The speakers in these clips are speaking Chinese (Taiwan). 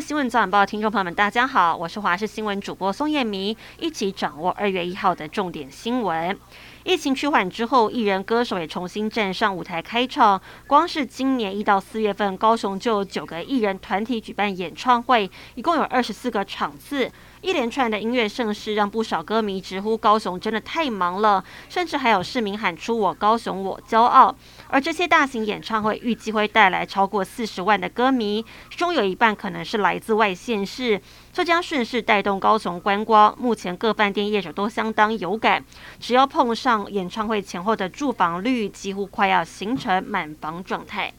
新聞早晚報，聽眾朋友們，大家好，我是華視新聞主播宋燕明，一起掌握二月一號的重點新聞。疫情趨緩之後，藝人歌手也重新站上舞台開場。光是今年一到四月份，高雄就有九個藝人團體舉辦演唱會，一共有二十四個場次。一連串的音樂盛事，讓不少歌迷直呼高雄真的太忙了，甚至還有市民喊出“我高雄，我驕傲”。而這些大型演唱會預計會帶來超過四十萬的歌迷，其中有一半可能是來自外縣市。這將順勢帶動高雄觀光，目前各飯店業者都相當有感，只要碰上演唱會前後的住房率幾乎快要形成滿房狀態。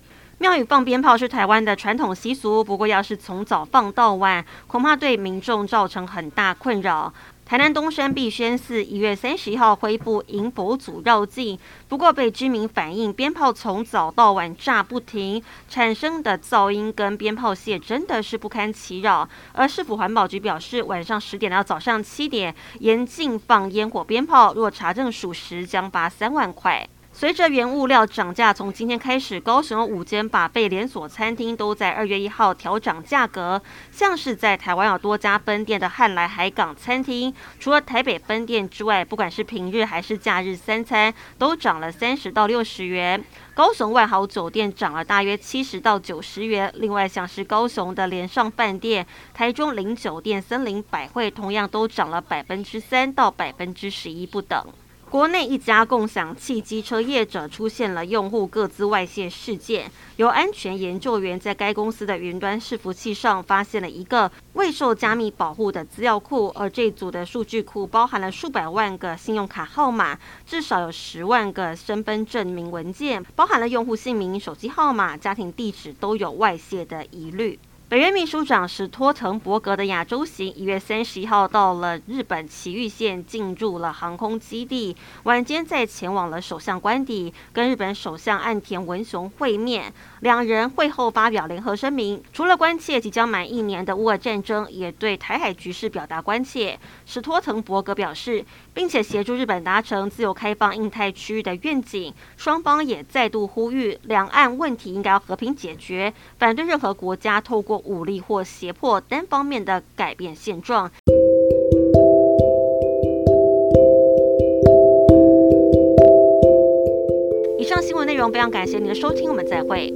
廟宇放鞭炮是台灣的傳統習俗，不過要是從早放到晚，恐怕對民眾造成很大困擾。台南東山碧軒寺一月三十一號恢復迎佛祖繞境，不過被居民反映鞭炮從早到晚炸不停，產生的噪音跟鞭炮屑真的是不堪其擾。而市府環保局表示，晚上十點到早上七點嚴禁放煙火鞭炮，若查證屬實將罰三萬塊。隨着原物料漲價，從今天開始，高雄有五間 buffet 連鎖餐廳都在二月一號調漲價格。像是在台灣有多家分店的漢來海港餐廳，除了台北分店之外，不管是平日還是假日三餐都漲了三十到六十元。高雄萬豪酒店漲了大約七十到九十元。另外像是高雄的連上飯店、台中林酒店、森林百匯，同樣都漲了百分之三到百分之十一不等。國內一家共享汽機車業者出現了用戶個資外洩事件，由安全研究員在該公司的雲端伺服器上發現了一個未受加密保護的資料庫，而這組的數據庫包含了數百萬個信用卡號碼，至少有十萬個身份證明文件，包含了用戶姓名、手機號碼、家庭地址都有外洩的疑慮。北約秘書長史托滕伯格的亞洲行，一月三十一號到了日本埼玉縣，進入了航空基地，晚間再前往了首相官邸，跟日本首相岸田文雄會面。兩人會後發表聯合聲明，除了關切即將滿一年的烏俄戰爭，也對台海局勢表達關切。史托滕伯格表示，並且協助日本達成自由開放印太區域的願景。雙方也再度呼籲，兩岸問題應該要和平解決，反對任何國家透過武力或脅迫單方面的改變現狀。以上新聞內容非常感謝您的收聽，我們再會。